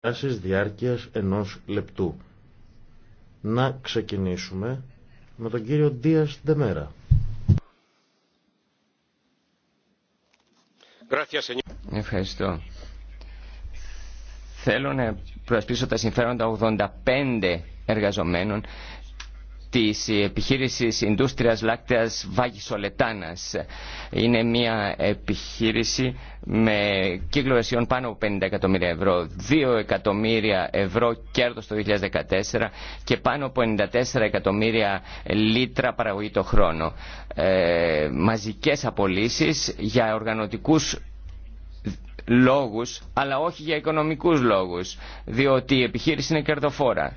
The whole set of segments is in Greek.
παρεμβάσεις διάρκειας ενός λεπτού. Να ξεκινήσουμε με τον κύριο Ντίας Ντεμέρα. Ευχαριστώ. Θέλω να προσπίσω τα συμφέροντα 85 εργαζομένων της επιχείρησης Ινδούστριας Λάκτεας Βάγης Ολετάνας. Είναι μια επιχείρηση με κύκλο αισιών πάνω από 50 εκατομμύρια ευρώ, 2 εκατομμύρια ευρώ κέρδος το 2014 και πάνω από 94 εκατομμύρια λίτρα παραγωγή το χρόνο. Ε, μαζικές απολύσεις για οργανωτικούς λόγους, αλλά όχι για οικονομικούς λόγους, διότι η επιχείρηση είναι κερδοφόρα.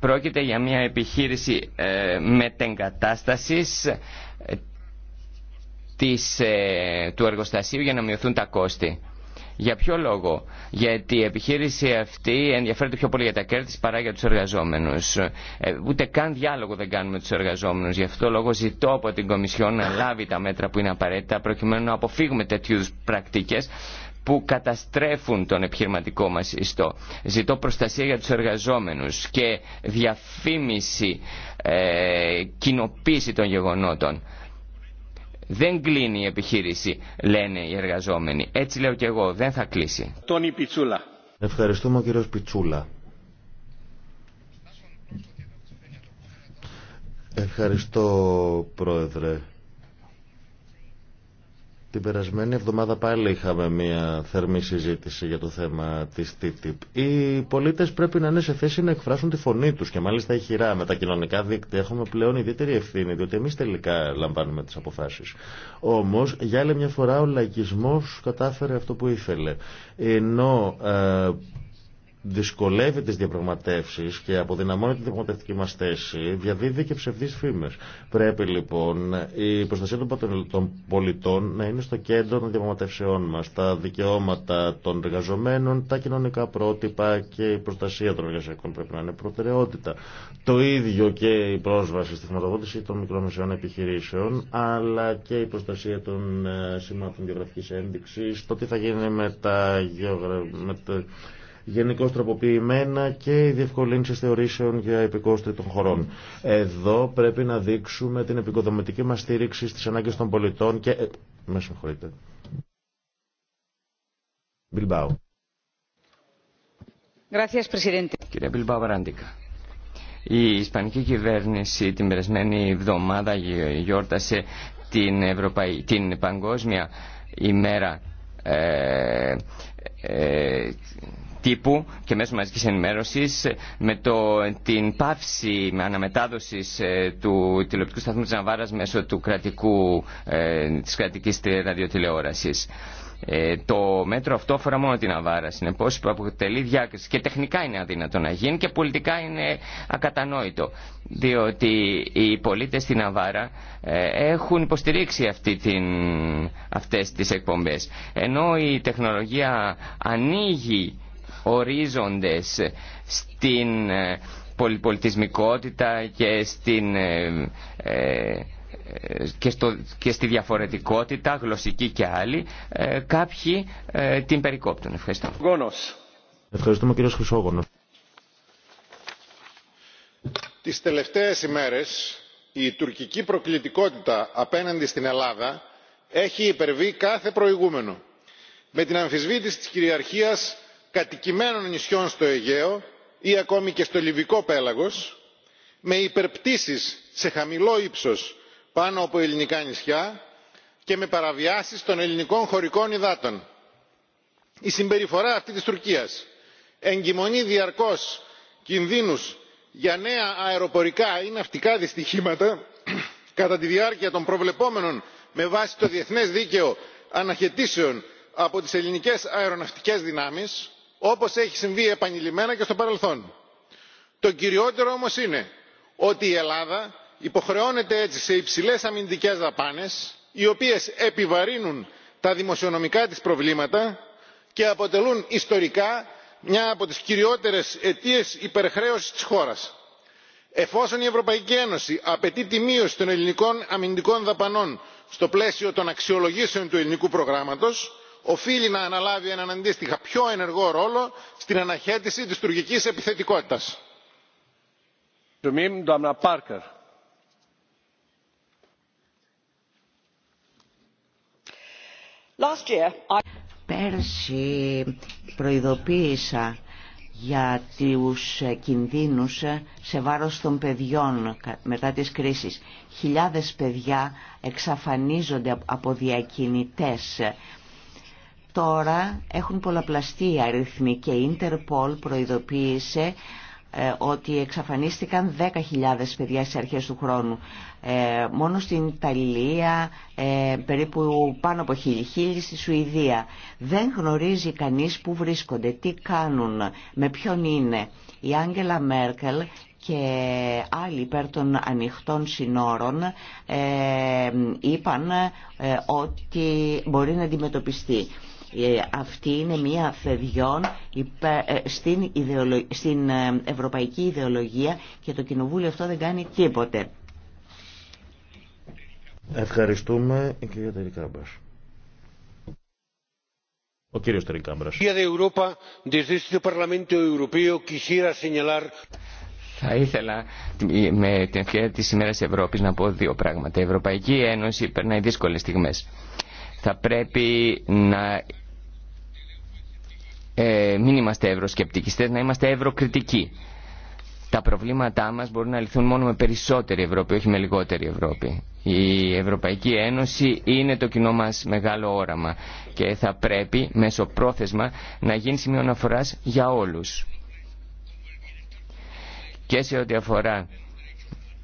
Πρόκειται για μια επιχείρηση ε, μετεγκατάστασης ε, της, ε, του εργοστασίου για να μειωθούν τα κόστη. Για ποιο λόγο. Γιατί η επιχείρηση αυτή ενδιαφέρεται πιο πολύ για τα κέρδη παρά για τους εργαζόμενους. Ε, ούτε καν διάλογο δεν κάνουμε τους εργαζόμενους. Γι' αυτό λόγο ζητώ από την Κομισιόν να λάβει τα μέτρα που είναι απαραίτητα προκειμένου να αποφύγουμε τέτοιου πρακτικές που καταστρέφουν τον επιχειρηματικό μας ιστό. Ζητώ προστασία για τους εργαζόμενους και διαφήμιση, ε, κοινοποίηση των γεγονότων. Δεν κλείνει η επιχείρηση, λένε οι εργαζόμενοι. Έτσι λέω και εγώ, δεν θα κλείσει. Τον Πιτσούλα. Ευχαριστούμε ο κύριος Πιτσούλα. Ευχαριστώ, Πρόεδρε. Την περασμένη εβδομάδα πάλι είχαμε μια θερμή συζήτηση για το θέμα της TTIP. Οι πολίτες πρέπει να είναι σε θέση να εκφράσουν τη φωνή τους και μάλιστα η χειρά με τα κοινωνικά δίκτυα έχουμε πλέον ιδιαίτερη ευθύνη διότι εμείς τελικά λαμβάνουμε τις αποφάσεις. Όμως για άλλη μια φορά ο λαϊκισμός κατάφερε αυτό που ήθελε. Ενώ ε, δυσκολεύει τι διαπραγματεύσει και αποδυναμώνει τη διαπραγματευτική μα θέση, διαδίδει και ψευδεί φήμε. Πρέπει λοιπόν η προστασία των πολιτών να είναι στο κέντρο των διαπραγματεύσεών μα. Τα δικαιώματα των εργαζομένων, τα κοινωνικά πρότυπα και η προστασία των εργασιακών πρέπει να είναι προτεραιότητα. Το ίδιο και η πρόσβαση στη χρηματοδότηση των μικρομεσαίων επιχειρήσεων, αλλά και η προστασία των ε, σημάτων γεωγραφική ένδειξη, το τι θα γίνει με τα, γεωγραφικά. με γενικώ τροποποιημένα και οι διευκολύνσει θεωρήσεων για επικόστη των χωρών. Εδώ πρέπει να δείξουμε την επικοδομητική μα στήριξη στι ανάγκε των πολιτών και. Ε, με συγχωρείτε. Bilbao. Κυρία Μπιλμπάου Βαραντίκα, η Ισπανική κυβέρνηση την περασμένη εβδομάδα γιόρτασε την, Ευρωπαϊ... την Παγκόσμια ημέρα ε, ε τύπου και μέσω μαζικής ενημέρωσης με το, την πάυση με αναμετάδοσης ε, του τηλεοπτικού σταθμού της Ναβάρας μέσω του κρατικού, ε, της κρατικής ραδιοτηλεόρασης. Ε, το μέτρο αυτό αφορά μόνο την Αβάρα. Συνεπώ, αποτελεί διάκριση και τεχνικά είναι αδύνατο να γίνει και πολιτικά είναι ακατανόητο. Διότι οι πολίτε στην Αβάρα ε, έχουν υποστηρίξει αυτέ τι εκπομπέ. Ενώ η τεχνολογία ανοίγει ορίζοντες στην ε, πολυπολιτισμικότητα και, στην, ε, ε, στο, και στη διαφορετικότητα, γλωσσική και άλλη, κάποιοι την περικόπτουν. Ευχαριστώ. Γόνος. Ευχαριστούμε κύριος Χρυσόγονο. Τις τελευταίες ημέρες η τουρκική προκλητικότητα απέναντι στην Ελλάδα έχει υπερβεί κάθε προηγούμενο. Με την αμφισβήτηση της κυριαρχίας κατοικημένων νησιών στο αιγαίο ή ακόμη και στο λιβικό πέλαγος με υπερπτήσεις σε χαμηλό ύψος πάνω από ελληνικά νησιά και με παραβιάσεις των ελληνικών χωρικών υδάτων. η συμπεριφορά αυτή της τουρκίας εγκυμονεί διαρκώς κινδύνους για νέα αεροπορικά ή ναυτικά δυστυχήματα κατά τη διάρκεια των προβλεπόμενων με βάση το διεθνές δίκαιο αναχαιτήσεων από τις ελληνικές αεροναυτικές δυνάμεις όπως έχει συμβεί επανειλημμένα και στο παρελθόν. το κυριότερο όμως είναι ότι η ελλάδα υποχρεώνεται έτσι σε υψηλές αμυντικές δαπάνες οι οποίες επιβαρύνουν τα δημοσιονομικά της προβλήματα και αποτελούν ιστορικά μια από τις κυριότερες αιτίες υπερχρέωσης της χώρας. εφόσον η ευρωπαϊκή ένωση απαιτεί τη μείωση των ελληνικών αμυντικών δαπανών στο πλαίσιο των αξιολογήσεων του ελληνικού προγράμματος οφείλει να αναλάβει έναν αντίστοιχα πιο ενεργό ρόλο στην αναχέτηση της τουρκικής επιθετικότητας. Πέρσι προειδοποίησα για τους κινδύνους σε βάρος των παιδιών μετά τις κρίσεις. Χιλιάδες παιδιά εξαφανίζονται από διακινητές Τώρα έχουν πολλαπλαστεί οι αριθμοί και η Ιντερπολ προειδοποίησε ε, ότι εξαφανίστηκαν 10.000 παιδιά στις αρχές του χρόνου. Ε, μόνο στην Ιταλία ε, περίπου πάνω από 1.000 στη Σουηδία. Δεν γνωρίζει κανείς που βρίσκονται, τι κάνουν, με ποιον είναι. Η Άγγελα Μέρκελ και άλλοι υπέρ των ανοιχτών συνόρων είπαν ότι μπορεί να αντιμετωπιστεί. Ε, αυτή είναι μία θεδιών ε, στην, στην ε, ευρωπαϊκή ιδεολογία και το Κοινοβούλιο αυτό δεν κάνει τίποτε. Ευχαριστούμε, η κυρία Τερικάμπας. Ο κύριος Τερικάμπας. Θα ήθελα με την ευκαιρία της ημέρας Ευρώπης να πω δύο πράγματα. Η Ευρωπαϊκή Ένωση περνάει δύσκολες στιγμές. Θα πρέπει να ε, μην είμαστε ευρωσκεπτικιστές, να είμαστε ευρωκριτικοί. Τα προβλήματά μας μπορούν να λυθούν μόνο με περισσότερη Ευρώπη, όχι με λιγότερη Ευρώπη. Η Ευρωπαϊκή Ένωση είναι το κοινό μας μεγάλο όραμα και θα πρέπει μέσω πρόθεσμα να γίνει σημείο αναφοράς για όλους. Και σε ό,τι αφορά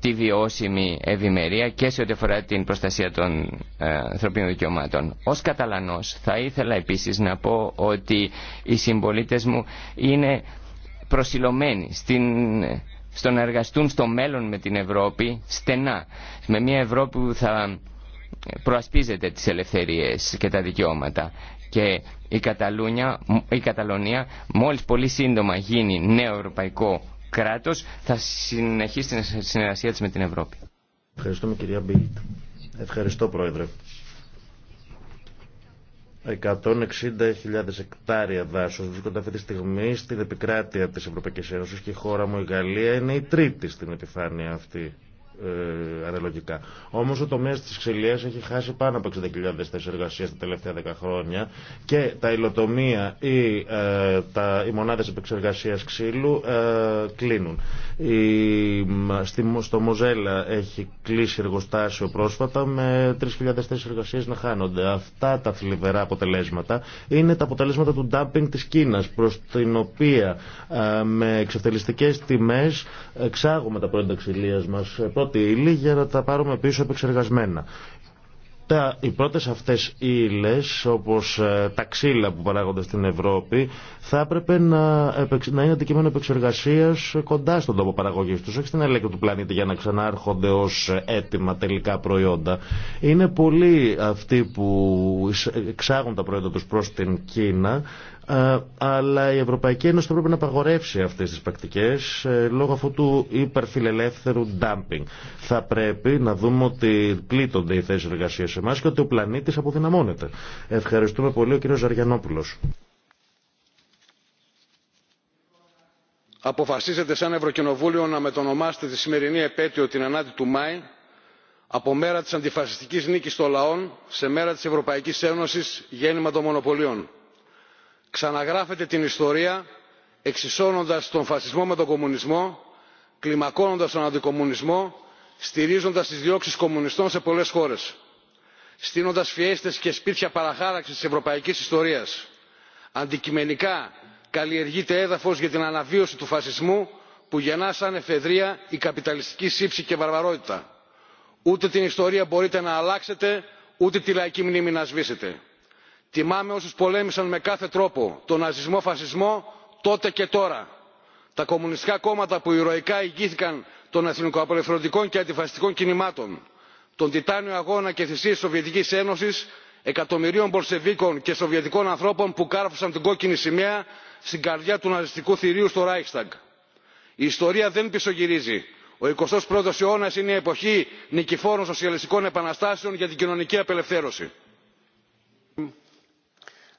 τη βιώσιμη ευημερία και σε ό,τι αφορά την προστασία των ε, ανθρωπίνων δικαιωμάτων. Ως Καταλανός θα ήθελα επίσης να πω ότι οι συμπολίτε μου είναι προσιλωμένοι στην, στο να εργαστούν στο μέλλον με την Ευρώπη στενά. Με μια Ευρώπη που θα προασπίζεται τις ελευθερίες και τα δικαιώματα. Και η, Καταλούνια, η Καταλωνία μόλις πολύ σύντομα γίνει νέο ευρωπαϊκό κράτος θα συνεχίσει την συνεργασία της με την Ευρώπη. Ευχαριστούμε κυρία Μπίλτ. Ευχαριστώ πρόεδρε. 160.000 εκτάρια δάσους βρίσκονται αυτή τη στιγμή στην επικράτεια της Ευρωπαϊκής Ένωσης και η χώρα μου η Γαλλία είναι η τρίτη στην επιφάνεια αυτή ε, αναλογικά. Όμω ο τομέας της ξυλίας έχει χάσει πάνω από 60.000 θέσει εργασία τα τελευταία 10 χρόνια και τα υλοτομία ή ε, τα, οι μονάδε επεξεργασία ξύλου ε, κλείνουν. Η, στη, στο Μοζέλα έχει κλείσει εργοστάσιο πρόσφατα με 3.000 θέσει εργασία να χάνονται. Αυτά τα θλιβερά αποτελέσματα είναι τα αποτελέσματα του ντάμπινγκ τη Κίνα προ την οποία ε, με εξευτελιστικέ τιμέ εξάγουμε τα πρώτα ξυλία μα ε, πρώτη ύλη για να τα πάρουμε πίσω επεξεργασμένα. Τα, οι πρώτες αυτές ύλες, όπως ε, τα ξύλα που παράγονται στην Ευρώπη, θα έπρεπε να, να είναι αντικείμενο επεξεργασία κοντά στον τόπο παραγωγής τους, όχι στην ελέγχη του πλανήτη για να ξανάρχονται ως έτοιμα τελικά προϊόντα. Είναι πολλοί αυτοί που εξάγουν τα προϊόντα τους προς την Κίνα αλλά η Ευρωπαϊκή Ένωση θα πρέπει να απαγορεύσει αυτές τις πρακτικές ε, λόγω αυτού του υπερφιλελεύθερου dumping. Θα πρέπει να δούμε ότι πλήττονται οι θέσεις εργασίας σε εμάς και ότι ο πλανήτης αποδυναμώνεται. Ευχαριστούμε πολύ ο κ. Ζαριανόπουλος. Αποφασίσετε σαν Ευρωκοινοβούλιο να μετονομάσετε τη σημερινή επέτειο την 9η του Μάη από μέρα της αντιφασιστικής νίκης των λαών σε μέρα της Ευρωπαϊκής Ένωσης γέννημα των μονοπωλίων ξαναγράφετε την ιστορία εξισώνοντας τον φασισμό με τον κομμουνισμό κλιμακώνοντας τον αντικομμουνισμό στηρίζοντας τις διώξεις κομμουνιστών σε πολλές χώρες στείνοντας φιέστες και σπίτια παραχάραξης της ευρωπαϊκής ιστορίας. αντικειμενικά καλλιεργείται έδαφος για την αναβίωση του φασισμού που γεννά σαν εφεδρεία η καπιταλιστική σύψη και βαρβαρότητα. ούτε την ιστορία μπορείτε να αλλάξετε ούτε τη λαϊκή μνήμη να σβήσετε τιμάμε όσους πολέμησαν με κάθε τρόπο τον ναζισμό φασισμό τότε και τώρα. τα κομμουνιστικά κόμματα που ηρωικά ηγήθηκαν των εθνικοαπελευθερωτικών και αντιφασιστικών κινημάτων τον τιτάνιο αγώνα και θυσίες της σοβιετικής ένωσης εκατομμυρίων μπολσεβίκων και σοβιετικών ανθρώπων που κάρφωσαν την κόκκινη σημαία στην καρδιά του ναζιστικού θηρίου στο Ράιχσταγκ. η ιστορία δεν πισωγυρίζει. ο 21ος αιώνας είναι η εποχή νικηφόρων σοσιαλιστικών επαναστάσεων για την κοινωνική απελευθέρωση.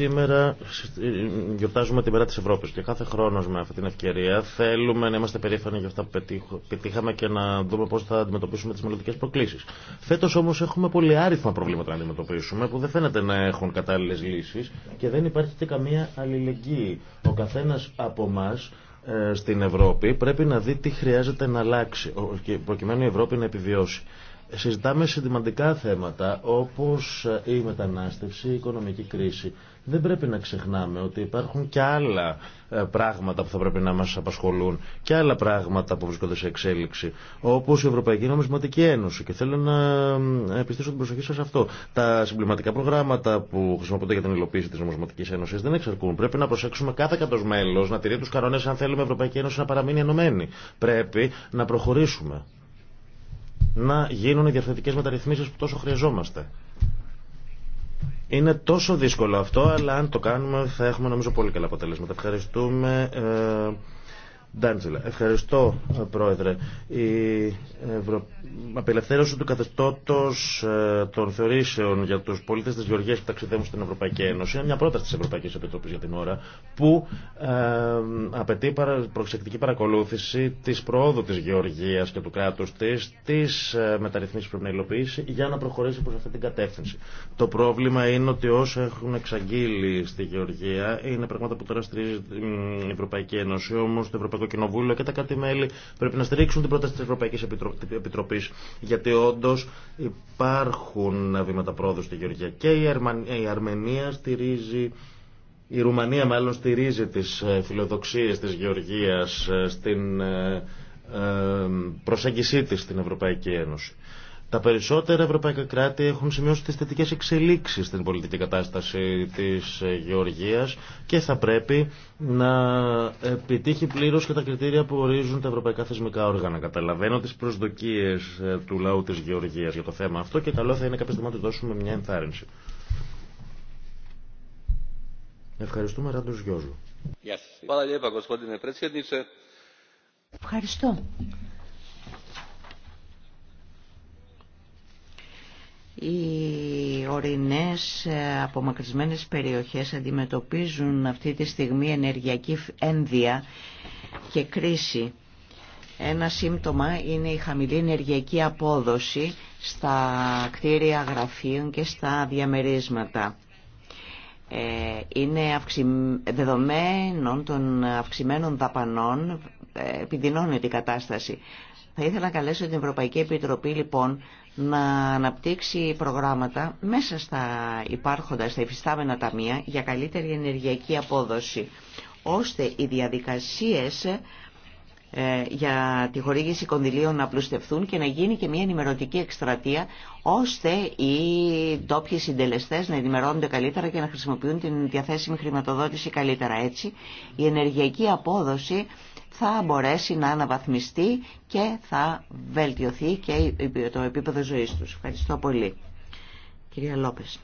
Σήμερα γιορτάζουμε τη μέρα της Ευρώπης και κάθε χρόνος με αυτή την ευκαιρία θέλουμε να είμαστε περήφανοι για αυτά που πετύχαμε και να δούμε πώς θα αντιμετωπίσουμε τις μελλοντικές προκλήσεις. Φέτος όμως έχουμε πολύ άριθμα προβλήματα να αντιμετωπίσουμε που δεν φαίνεται να έχουν κατάλληλες λύσεις και δεν υπάρχει και καμία αλληλεγγύη. Ο καθένας από εμά στην Ευρώπη πρέπει να δει τι χρειάζεται να αλλάξει προκειμένου η Ευρώπη να επιβιώσει. Συζητάμε σημαντικά θέματα όπως ε, η μετανάστευση, η οικονομική κρίση δεν πρέπει να ξεχνάμε ότι υπάρχουν και άλλα ε, πράγματα που θα πρέπει να μας απασχολούν και άλλα πράγματα που βρίσκονται σε εξέλιξη όπως η Ευρωπαϊκή Νομισματική Ένωση και θέλω να επιστήσω την προσοχή σας σε αυτό. Τα συμπληματικά προγράμματα που χρησιμοποιούνται για την υλοποίηση της Νομισματικής Ένωσης δεν εξαρκούν. Πρέπει να προσέξουμε κάθε κατός μέλος να τηρεί τους κανόνες αν θέλουμε η Ευρωπαϊκή Ένωση να παραμείνει ενωμένη. Πρέπει να προχωρήσουμε να γίνουν οι διαφθορτικές που τόσο χρειαζόμαστε. Είναι τόσο δύσκολο αυτό, αλλά αν το κάνουμε θα έχουμε νομίζω πολύ καλά αποτελέσματα. Ευχαριστούμε. Ε, Ντάντζελα. Ευχαριστώ, Πρόεδρε. Η Ευρω... απελευθέρωση του καθεστώτο ε, των θεωρήσεων για του πολίτε τη Γεωργία που ταξιδεύουν στην Ευρωπαϊκή Ένωση είναι μια πρόταση τη Ευρωπαϊκή Επιτροπή για την ώρα που ε, απαιτεί προσεκτική παρακολούθηση τη προόδου τη Γεωργία και του κράτου τη, τη ε, μεταρρυθμίσει που πρέπει να υλοποιήσει για να προχωρήσει προ αυτή την κατεύθυνση. Το πρόβλημα είναι ότι όσα έχουν εξαγγείλει στη Γεωργία είναι πράγματα που τώρα στηρίζει η Ευρωπαϊκή Ένωση, όμω το το κοινοβούλιο και τα κάτι μέλη πρέπει να στηρίξουν την πρόταση τη Ευρωπαϊκή Επιτροπή. Γιατί όντω υπάρχουν βήματα πρόοδου στη Γεωργία. Και η Αρμενία στηρίζει. Η Ρουμανία μάλλον στηρίζει τις ε, φιλοδοξίες της Γεωργίας ε, στην ε, προσέγγισή της στην Ευρωπαϊκή Ένωση. Τα περισσότερα ευρωπαϊκά κράτη έχουν σημειώσει τις θετικές εξελίξεις στην πολιτική κατάσταση της ε, Γεωργίας και θα πρέπει να επιτύχει πλήρως και τα κριτήρια που ορίζουν τα ευρωπαϊκά θεσμικά όργανα. Καταλαβαίνω τις προσδοκίες ε, του λαού της Γεωργίας για το θέμα αυτό και καλό θα είναι κάποια στιγμή να δώσουμε μια ενθάρρυνση. Ευχαριστούμε, Ράντος Γιώργο. Ευχαριστώ. Οι ορεινές ε, απομακρυσμένες περιοχές αντιμετωπίζουν αυτή τη στιγμή ενεργειακή ένδια και κρίση. Ένα σύμπτωμα είναι η χαμηλή ενεργειακή απόδοση στα κτίρια γραφείων και στα διαμερίσματα. Ε, είναι δεδομένων των αυξημένων δαπανών ε, επιδεινώνεται η κατάσταση. Θα ήθελα να καλέσω την Ευρωπαϊκή Επιτροπή λοιπόν να αναπτύξει προγράμματα μέσα στα υπάρχοντα, στα υφιστάμενα ταμεία για καλύτερη ενεργειακή απόδοση, ώστε οι διαδικασίες ε, για τη χορήγηση κονδυλίων να πλουστευτούν και να γίνει και μια ενημερωτική εκστρατεία ώστε οι ντόπιοι συντελεστές να ενημερώνονται καλύτερα και να χρησιμοποιούν την διαθέσιμη χρηματοδότηση καλύτερα. Έτσι, η ενεργειακή απόδοση θα μπορέσει να αναβαθμιστεί και θα βελτιωθεί και το επίπεδο ζωής τους. Ευχαριστώ πολύ. Κυρία Λόπες.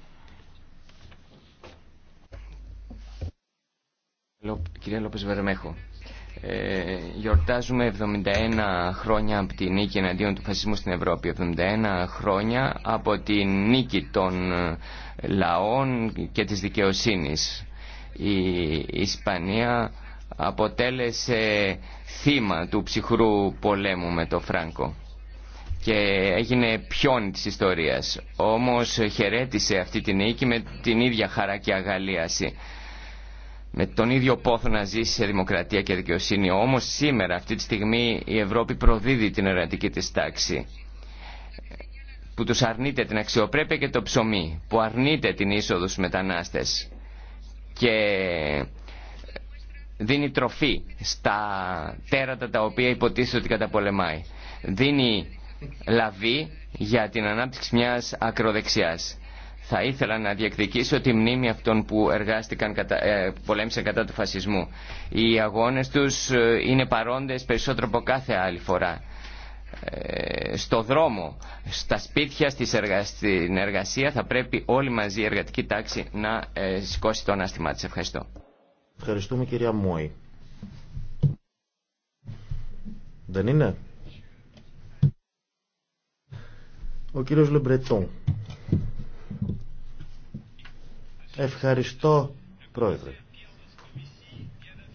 Κυρία Λόπες Βερμέχο. Ε, γιορτάζουμε 71 χρόνια από τη νίκη εναντίον του φασισμού στην Ευρώπη 71 χρόνια από τη νίκη των ε, λαών και της δικαιοσύνης η Ισπανία αποτέλεσε θύμα του ψυχρού πολέμου με το Φράνκο και έγινε πιόν της ιστορίας. Όμως χαιρέτησε αυτή την νίκη με την ίδια χαρά και αγαλίαση. Με τον ίδιο πόθο να ζήσει σε δημοκρατία και δικαιοσύνη. Όμως σήμερα αυτή τη στιγμή η Ευρώπη προδίδει την ερωτική της τάξη που τους αρνείται την αξιοπρέπεια και το ψωμί, που αρνείται την είσοδο στους μετανάστες και δίνει τροφή στα τέρατα τα οποία υποτίθεται ότι καταπολεμάει. Δίνει λαβή για την ανάπτυξη μιας ακροδεξιάς. Θα ήθελα να διεκδικήσω τη μνήμη αυτών που εργάστηκαν κατά, ε, πολέμησαν κατά του φασισμού. Οι αγώνες τους ε, είναι παρόντες περισσότερο από κάθε άλλη φορά. Ε, στο δρόμο, στα σπίτια, στις στην εργασία θα πρέπει όλοι μαζί η εργατική τάξη να σηκώσει το ανάστημά της. Ευχαριστώ. Ευχαριστούμε κυρία Μόη. Δεν είναι. Ο κύριος Λεμπρετών. Ευχαριστώ πρόεδρε.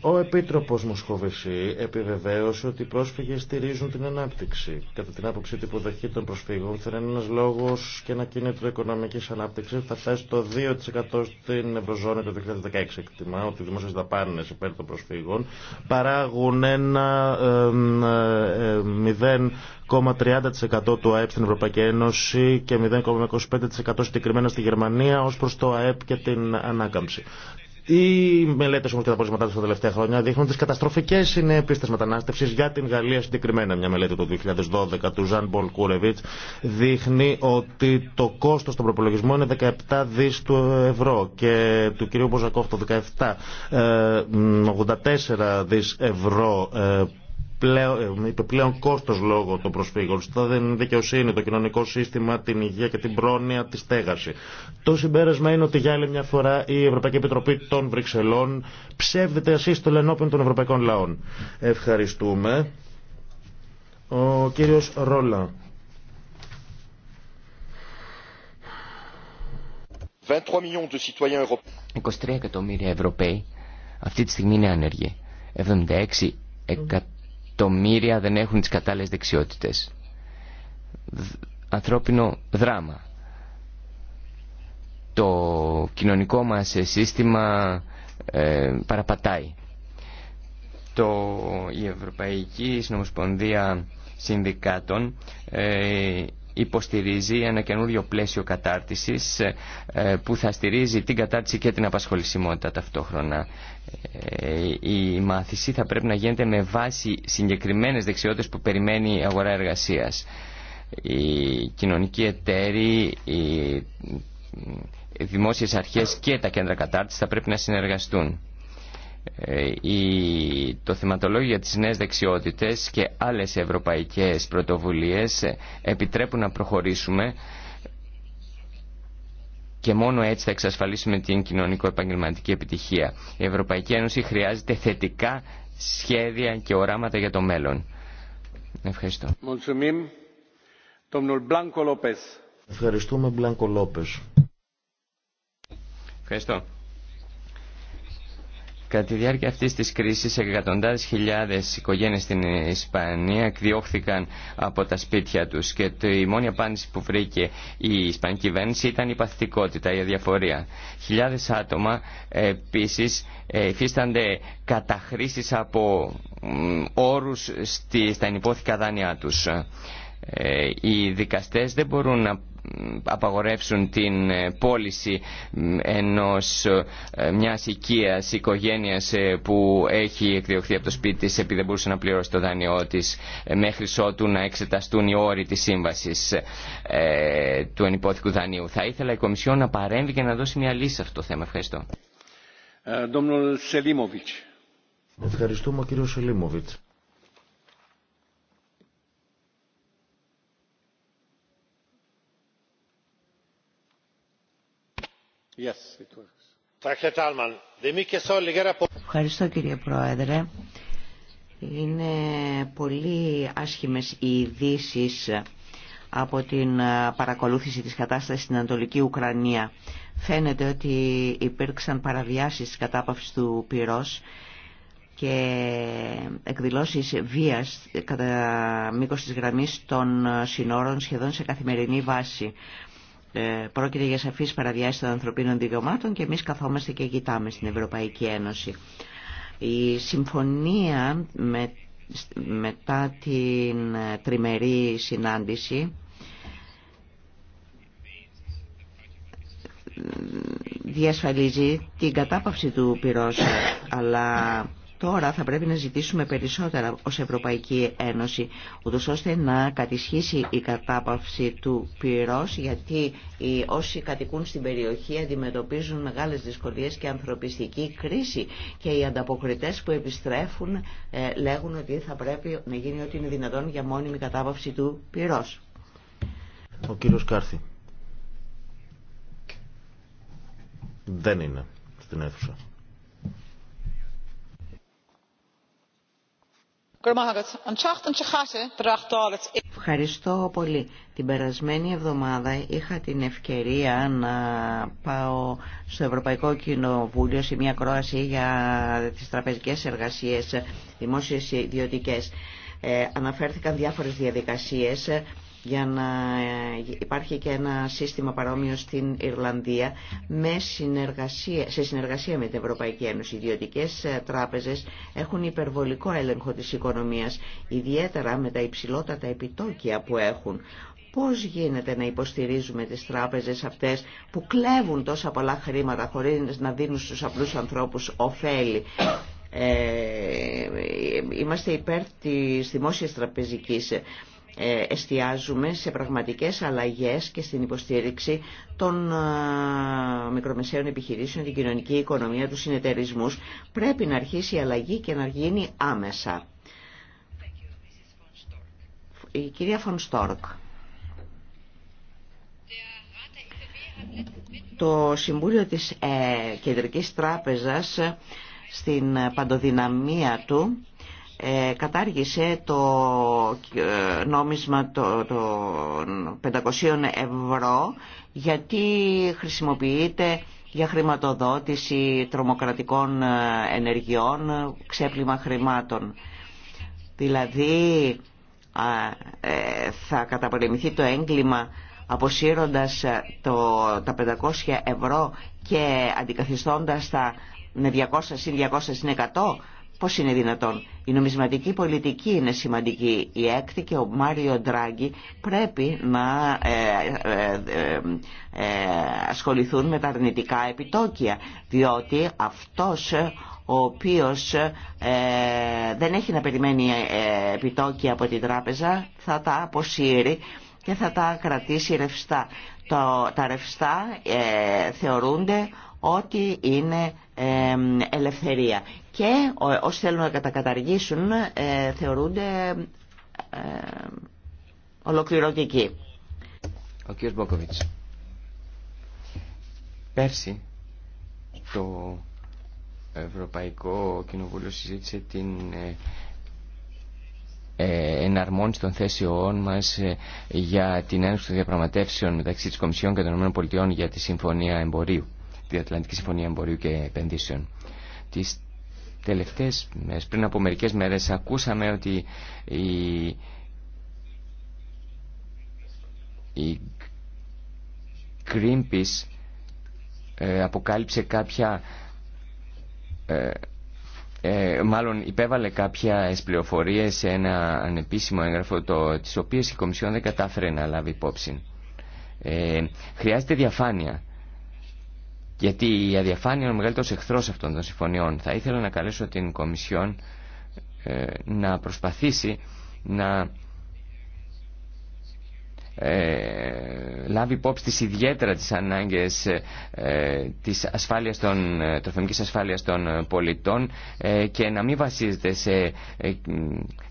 Ο Επίτροπος Μοσχοβεσί επιβεβαίωσε ότι οι πρόσφυγες στηρίζουν την ανάπτυξη. Κατά την άποψη της υποδοχή των προσφύγων θέλει είναι ένας λόγος και ένα κίνητρο οικονομικής ανάπτυξης θα φτάσει το 2% στην Ευρωζώνη το 2016. Εκτιμά ότι οι δημόσιες δαπάνες υπέρ των προσφύγων παράγουν ένα 0,30% ε, ε, του ΑΕΠ στην Ευρωπαϊκή Ένωση και 0,25% συγκεκριμένα στη Γερμανία ως προς το ΑΕΠ και την ανάκαμψη. Οι μελέτε όμω και τα πορίσματά του τα τελευταία χρόνια δείχνουν τι καταστροφικέ συνέπειε τη μετανάστευση για την Γαλλία συγκεκριμένα. Μια μελέτη του 2012 του Ζαν Μπολ Κούρεβιτ δείχνει ότι το κόστο στον προπολογισμό είναι 17 δι του ευρώ και του κυρίου Μποζακόφ το 17, 84 δι ευρώ ε, πλέον, επιπλέον κόστος λόγω των προσφύγων, είναι δικαιοσύνη, το κοινωνικό σύστημα, την υγεία και την πρόνοια, τη στέγαση. Το συμπέρασμα είναι ότι για άλλη μια φορά η Ευρωπαϊκή Επιτροπή των Βρυξελών ψεύδεται ασύστολα ενώπιον των ευρωπαϊκών λαών. Ευχαριστούμε. Ο κύριος Ρόλα. 23 εκατομμύρια Ευρωπαίοι αυτή τη στιγμή είναι άνεργοι. 76 εκατομμύρια εκατομμύρια δεν έχουν τις κατάλληλες δεξιότητες. Ανθρώπινο δράμα. Το κοινωνικό μας ε, σύστημα ε, παραπατάει. Το, η Ευρωπαϊκή Συνομοσπονδία Συνδικάτων ε, υποστηρίζει ένα καινούριο πλαίσιο κατάρτισης ε, ε, που θα στηρίζει την κατάρτιση και την απασχολησιμότητα ταυτόχρονα. Ε, η μάθηση θα πρέπει να γίνεται με βάση συγκεκριμένες δεξιότητες που περιμένει η αγορά εργασίας. Οι κοινωνικοί εταίροι, οι δημόσιες αρχές και τα κέντρα κατάρτισης θα πρέπει να συνεργαστούν. Ε, το θεματολόγιο για τις νέες δεξιότητες και άλλες ευρωπαϊκές πρωτοβουλίες ε, επιτρέπουν να προχωρήσουμε και μόνο έτσι θα εξασφαλίσουμε την κοινωνικο-επαγγελματική επιτυχία. Η Ευρωπαϊκή Ένωση χρειάζεται θετικά σχέδια και οράματα για το μέλλον. Ευχαριστώ. Ευχαριστούμε Μπλάνκο Λόπες. Ευχαριστώ. Κατά τη διάρκεια αυτής της κρίσης εκατοντάδες χιλιάδες οικογένειες στην Ισπανία εκδιώχθηκαν από τα σπίτια τους και η μόνη απάντηση που βρήκε η Ισπανική κυβέρνηση ήταν η παθητικότητα, η αδιαφορία. Χιλιάδες άτομα επίσης ε, υφίστανται καταχρήσεις από όρους στα ενυπόθηκα δάνειά τους. Ε, οι δικαστές δεν μπορούν να απαγορεύσουν την ε, πώληση ενός ε, μιας οικίας οικογένειας ε, που έχει εκδιωχθεί από το σπίτι της επειδή δεν μπορούσε να πληρώσει το δάνειό της μέχρι ότου να εξεταστούν οι όροι της σύμβασης του ενυπόθηκου δανείου. Θα ήθελα η Κομισιόν να παρέμβει και να δώσει μια λύση σε αυτό το θέμα. Ευχαριστώ. Ευχαριστούμε κύριο Σελίμοβιτς. Ευχαριστώ κύριε Πρόεδρε. Είναι πολύ άσχημες οι ειδήσει από την ε, παρακολούθηση της κατάστασης στην Ανατολική Ουκρανία. Φαίνεται ότι υπήρξαν παραβιάσεις της κατάπαυσης του πυρός και εκδηλώσεις βίας κατά μήκος της γραμμής των συνόρων σχεδόν σε καθημερινή βάση. Ε, πρόκειται για σαφείς παραδιάσεις των ανθρωπίνων δικαιωμάτων και εμείς καθόμαστε και κοιτάμε στην Ευρωπαϊκή Ένωση. Η συμφωνία με, μετά την τριμερή συνάντηση διασφαλίζει την κατάπαυση του πυρός αλλά Τώρα θα πρέπει να ζητήσουμε περισσότερα ως Ευρωπαϊκή Ένωση, ούτως ώστε να κατησχίσει η κατάπαυση του πυρός, γιατί οι όσοι κατοικούν στην περιοχή αντιμετωπίζουν μεγάλες δυσκολίες και ανθρωπιστική κρίση και οι ανταποκριτές που επιστρέφουν ε, λέγουν ότι θα πρέπει να γίνει ό,τι είναι δυνατόν για μόνιμη κατάπαυση του πυρός. Ο κύριος Κάρθη. Δεν είναι στην αίθουσα. E- Ευχαριστώ πολύ. Την περασμένη εβδομάδα είχα την ευκαιρία να πάω στο Ευρωπαϊκό Κοινοβούλιο σε μια κρόαση για τις τραπεζικές εργασίες δημόσιες ιδιωτικές. Ε, αναφέρθηκαν διάφορες διαδικασίες για να ε, υπάρχει και ένα σύστημα παρόμοιο στην Ιρλανδία με συνεργασία, σε συνεργασία με την Ευρωπαϊκή Ένωση. Οι ιδιωτικές τράπεζες έχουν υπερβολικό έλεγχο της οικονομίας, ιδιαίτερα με τα υψηλότατα επιτόκια που έχουν. Πώς γίνεται να υποστηρίζουμε τις τράπεζες αυτές που κλέβουν τόσα πολλά χρήματα χωρίς να δίνουν στους απλούς ανθρώπους ωφέλη. Ε, είμαστε υπέρ τη δημόσιας τραπεζικής ε, εστιάζουμε σε πραγματικές αλλαγές και στην υποστήριξη των ε, μικρομεσαίων επιχειρήσεων, την κοινωνική οικονομία, του συνεταιρισμούς. Πρέπει να αρχίσει η αλλαγή και να γίνει άμεσα. Η κυρία Φων Στόρκ. Το Συμβούλιο της ε, Κεντρικής Τράπεζας στην παντοδυναμία του ε, κατάργησε το ε, νόμισμα των 500 ευρώ γιατί χρησιμοποιείται για χρηματοδότηση τρομοκρατικών ε, ενεργειών, ξέπλυμα χρημάτων. Δηλαδή θα καταπολεμηθεί το έγκλημα αποσύροντας το, τα 500 ευρώ και αντικαθιστώντας τα με 200 συν 200 συν 100 Πώς είναι δυνατόν. Η νομισματική πολιτική είναι σημαντική. Η έκτη και ο Μάριο Ντράγκη πρέπει να ε, ε, ε, ασχοληθούν με τα αρνητικά επιτόκια. Διότι αυτός ο οποίος δεν έχει να περιμένει επιτόκια από την τράπεζα θα τα αποσύρει και θα τα κρατήσει ρευστά. Το, τα ρευστά θεωρούνται ότι είναι ελευθερία. Και όσοι θέλουν να κατακαταργήσουν, ε, θεωρούνται ε, ολοκληρωτικοί. Ο κ. Μπόκοβιτς. Πέρσι το Ευρωπαϊκό Κοινοβούλιο συζήτησε την ε, εναρμόνιση των θέσεών μας για την ένωση των διαπραγματεύσεων μεταξύ της Κομισιόν και των ΗΠΑ για τη Συμφωνία Εμπορίου. Ατλαντική Συμφωνία Εμπορίου και Επενδύσεων. Τις τελευταίες μέρες, πριν από μερικές μέρες, ακούσαμε ότι η, η Greenpeace ε, αποκάλυψε κάποια... Ε, ε, μάλλον υπέβαλε κάποια πληροφορίε σε ένα ανεπίσημο έγγραφο το, τις οποίες η Κομισιόν δεν κατάφερε να λάβει υπόψη. Ε, χρειάζεται διαφάνεια γιατί η αδιαφάνεια είναι ο μεγαλύτερο εχθρό αυτών των συμφωνιών. Θα ήθελα να καλέσω την Κομισιόν ε, να προσπαθήσει να ε, λάβει υπόψη τις ιδιαίτερα τις ανάγκες ε, της ασφάλειας των, ε, ασφάλειας των πολιτών και να μην βασίζεται σε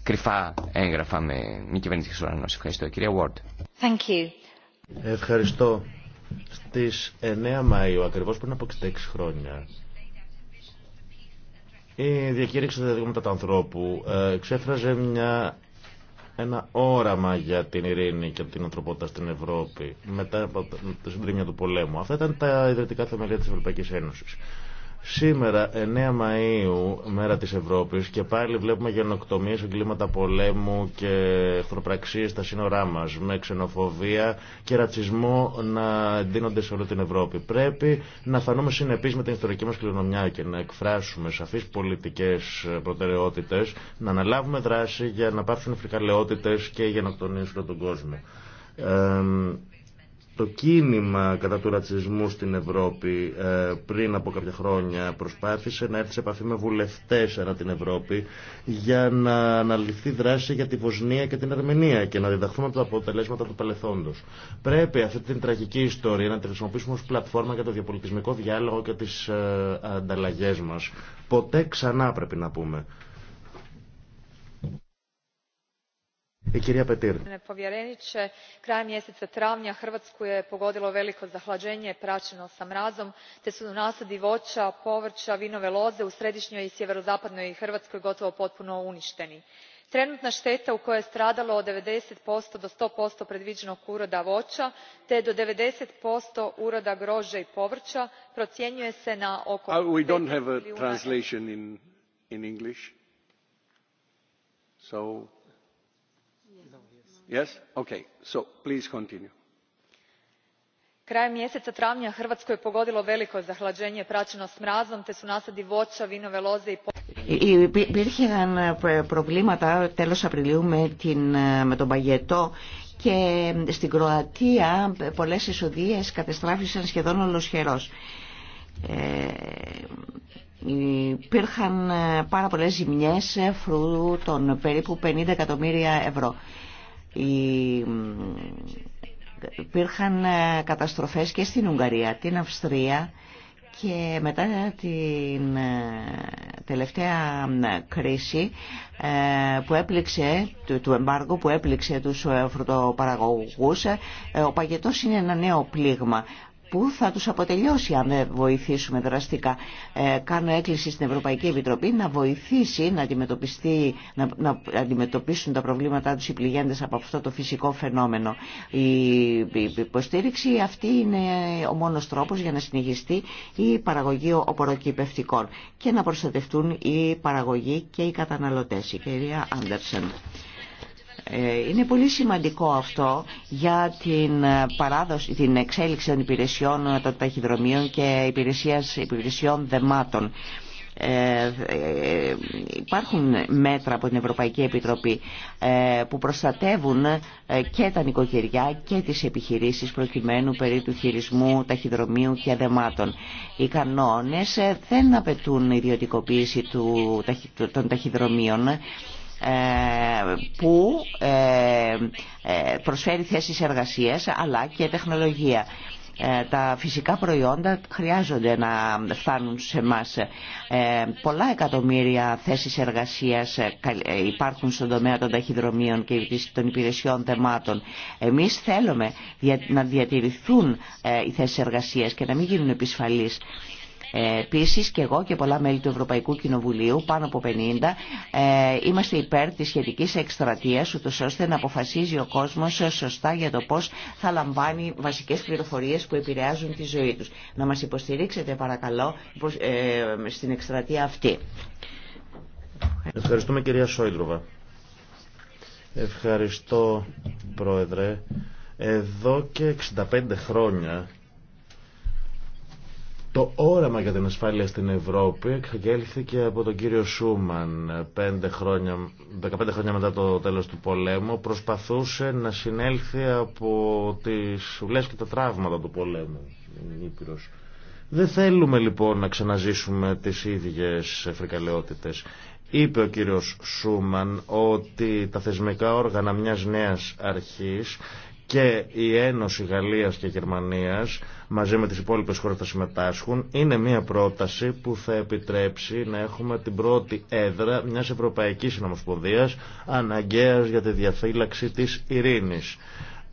κρυφά έγγραφα με μη κυβερνητικές οργανώσεις. Ευχαριστώ. Κυρία Ward. Ευχαριστώ. Στις 9 Μαΐου, ακριβώς πριν από 66 χρόνια, η διακήρυξη των διευθυντών του ανθρώπου ε, ξέφραζε μια, ένα όραμα για την ειρήνη και την ανθρωπότητα στην Ευρώπη μετά από τη συντρίμια του πολέμου. Αυτά ήταν τα ιδρυτικά θεμελία της Ευρωπαϊκής Ένωσης. Σήμερα, 9 Μαΐου, μέρα της Ευρώπης, και πάλι βλέπουμε γενοκτομίες, εγκλήματα πολέμου και εχθροπραξίες στα σύνορά μας, με ξενοφοβία και ρατσισμό να εντείνονται σε όλη την Ευρώπη. Πρέπει να φανούμε συνεπείς με την ιστορική μας κληρονομιά και να εκφράσουμε σαφείς πολιτικές προτεραιότητες, να αναλάβουμε δράση για να πάψουν οι φρικαλαιότητες και οι γενοκτονίες όλο τον κόσμο το κίνημα κατά του ρατσισμού στην Ευρώπη ε, πριν από κάποια χρόνια προσπάθησε να έρθει σε επαφή με βουλευτές ανά την Ευρώπη για να αναλυθεί δράση για τη Βοσνία και την Αρμενία και να διδαχθούμε από τα αποτελέσματα του παρελθόντο. Πρέπει αυτή την τραγική ιστορία να τη χρησιμοποιήσουμε ως πλατφόρμα για το διαπολιτισμικό διάλογο και τις ε, ανταλλαγές μας. Ποτέ ξανά πρέπει να πούμε. gospodine κυρία krajem mjeseca travnja Hrvatsku je pogodilo veliko zahlađenje praćeno sa mrazom, te su nasadi voća, povrća, vinove loze u središnjoj i sjeverozapadnoj Hrvatskoj gotovo potpuno uništeni. Trenutna šteta u kojoj je stradalo od 90% do 100% predviđenog uroda voća, te do 90% uroda grožđa i povrća procjenjuje se na oko krajem Υπήρχαν προβλήματα τέλος Απριλίου με, τον παγετό και στην Κροατία πολλές εισοδίες κατεστράφησαν σχεδόν ολοσχερός. Ε, υπήρχαν πάρα πολλές ζημιές φρούτων, περίπου 50 εκατομμύρια ευρώ. Υπήρχαν ε, καταστροφές και στην Ουγγαρία, την Αυστρία και μετά την ε, τελευταία ε, κρίση που έπληξε, του εμπάργου που έπληξε τους φρουτοπαραγωγούς, ο παγετός είναι ένα νέο πλήγμα που θα τους αποτελειώσει αν ε, βοηθήσουμε δραστικά. Ε, κάνω έκκληση στην Ευρωπαϊκή Επιτροπή να βοηθήσει να, αντιμετωπιστεί, να, να αντιμετωπίσουν τα προβλήματά τους οι πληγέντες από αυτό το φυσικό φαινόμενο. Η, η υποστήριξη αυτή είναι ο μόνος τρόπος για να συνεχιστεί η παραγωγή οποροκυπευτικών και να προστατευτούν οι παραγωγοί και οι καταναλωτές. Η κυρία Άντερσεν. Ε, είναι πολύ σημαντικό αυτό για την ε, παράδοση, την εξέλιξη των υπηρεσιών ε, των ταχυδρομείων και υπηρεσίας, υπηρεσιών δεμάτων. υπάρχουν μέτρα από την Ευρωπαϊκή Επιτροπή που προστατεύουν και τα νοικοκυριά και τις επιχειρήσεις προκειμένου περί του χειρισμού ταχυδρομείου και δεμάτων. Οι κανόνες δεν απαιτούν ιδιωτικοποίηση των ταχυδρομείων ε, που ε, ε, προσφέρει θέσεις εργασίας αλλά και τεχνολογία. Τα φυσικά προϊόντα χρειάζονται να φτάνουν σε εμά. Πολλά εκατομμύρια θέσεις εργασίας υπάρχουν στον τομέα των ταχυδρομείων και των υπηρεσιών θεμάτων. Εμείς θέλουμε να διατηρηθούν οι θέσεις εργασίας και να μην γίνουν επισφαλείς. Ε, Επίση και εγώ και πολλά μέλη του Ευρωπαϊκού Κοινοβουλίου, πάνω από 50, ε, είμαστε υπέρ τη σχετική εκστρατεία, ούτω ώστε να αποφασίζει ο κόσμο σωστά για το πώ θα λαμβάνει βασικέ πληροφορίε που επηρεάζουν τη ζωή του. Να μα υποστηρίξετε, παρακαλώ, ε, στην εκστρατεία αυτή. Ευχαριστούμε, κυρία Σόιντροβα. Ευχαριστώ, Πρόεδρε. Εδώ και 65 χρόνια το όραμα για την ασφάλεια στην Ευρώπη εξαγγέλθηκε από τον κύριο Σούμαν 5 χρόνια, 15 χρόνια μετά το τέλος του πολέμου. Προσπαθούσε να συνέλθει από τις ουλές και τα τραύματα του πολέμου. Ήπειρος. Δεν θέλουμε λοιπόν να ξαναζήσουμε τις ίδιες φρικαλαιότητες. Είπε ο κύριος Σούμαν ότι τα θεσμικά όργανα μιας νέας αρχής και η Ένωση Γαλλίας και Γερμανίας μαζί με τις υπόλοιπες χώρες θα συμμετάσχουν είναι μια πρόταση που θα επιτρέψει να έχουμε την πρώτη έδρα μιας Ευρωπαϊκής Συνομοσπονδίας αναγκαίας για τη διαφύλαξη της ειρήνης.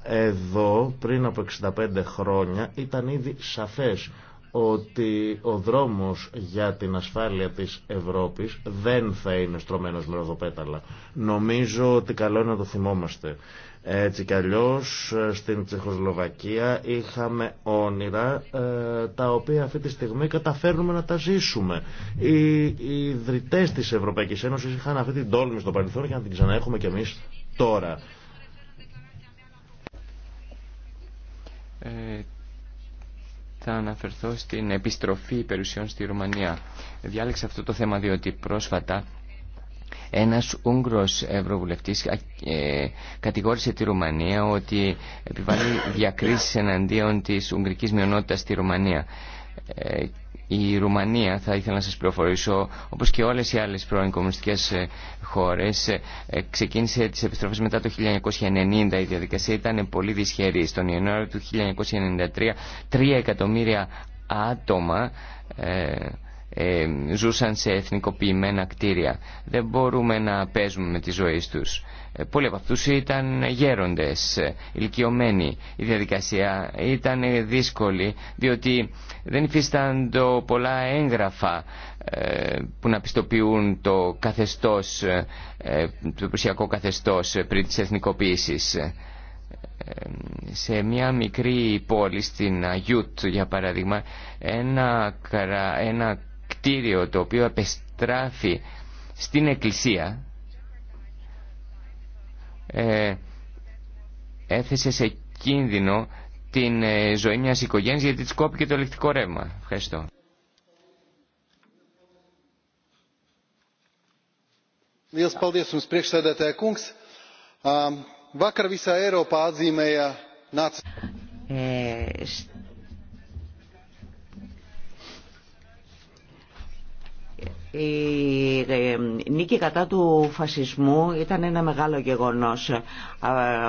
Εδώ πριν από 65 χρόνια ήταν ήδη σαφές ότι ο δρόμος για την ασφάλεια της Ευρώπης δεν θα είναι στρωμένος με ροδοπέταλα. Νομίζω ότι καλό είναι να το θυμόμαστε. Έτσι κι αλλιώς στην Τσεχοσλοβακία είχαμε όνειρα ε, τα οποία αυτή τη στιγμή καταφέρνουμε να τα ζήσουμε. Οι, οι ιδρυτές της Ευρωπαϊκής Ένωσης είχαν αυτή την τόλμη στο παρελθόν για να την ξαναέχουμε κι εμείς τώρα. Ε, θα αναφερθώ στην επιστροφή περιουσιών στη Ρουμανία. Διάλεξα αυτό το θέμα διότι πρόσφατα ένας Ούγγρος Ευρωβουλευτής ε, κατηγόρησε τη Ρουμανία ότι επιβάλλει διακρίσεις εναντίον της Ουγγρικής μειονότητας στη Ρουμανία ε, η Ρουμανία, θα ήθελα να σας πληροφορήσω, όπως και όλες οι άλλες πρώην κομμουνιστικές ε, χώρες, ε, ε, ξεκίνησε τις επιστροφές μετά το 1990. Η διαδικασία ήταν πολύ δυσχερή. Στον Ιανουάριο του 1993, 3 εκατομμύρια άτομα... Ε, ζούσαν σε εθνικοποιημένα κτίρια. Δεν μπορούμε να παίζουμε με τη ζωή τους. Ε, πολλοί από αυτούς ήταν γέροντες, ε, ηλικιωμένοι. Η διαδικασία ήταν δύσκολη, διότι δεν υφίσταν το πολλά έγγραφα που να πιστοποιούν το καθεστώς, το προσιακό καθεστώς πριν της εθνικοποίησης. Σε μια μικρή πόλη, στην Αγιούτ για παράδειγμα, ένα, ένα κτίριο το οποίο επιστράφει στην εκκλησία ε, έθεσε σε κίνδυνο την ε, ζωή μιας οικογένειας γιατί της κόπηκε το ελεκτικό ρεύμα. Ευχαριστώ. Ε, Ε, η νίκη κατά του φασισμού ήταν ένα μεγάλο γεγονός.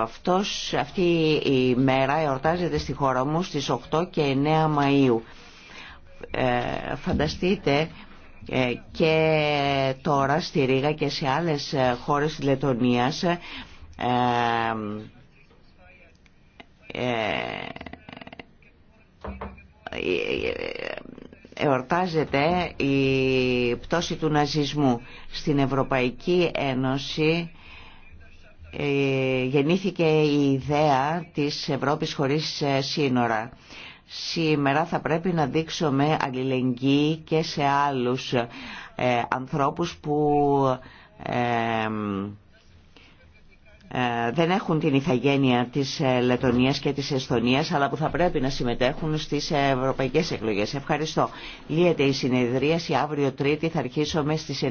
Αυτός, αυτή η μέρα εορτάζεται στη χώρα μου στις 8 και 9 Μαΐου. Ε, φανταστείτε ε, και τώρα στη Ρήγα και σε άλλες χώρες της Λετωνίας ε, εορτάζεται η πτώση του ναζισμού. Στην Ευρωπαϊκή Ένωση ε, γεννήθηκε η ιδέα της Ευρώπης χωρίς ε, σύνορα. Σήμερα θα πρέπει να δείξουμε αλληλεγγύη και σε άλλους ε, ανθρώπους που ε, δεν έχουν την ηθαγένεια της ε, Λετωνίας και της Εσθονίας αλλά που θα πρέπει να συμμετέχουν στις ε, ευρωπαϊκές εκλογές. Ευχαριστώ. Λύεται η συνεδρίαση. Αύριο Τρίτη θα αρχίσουμε στις 9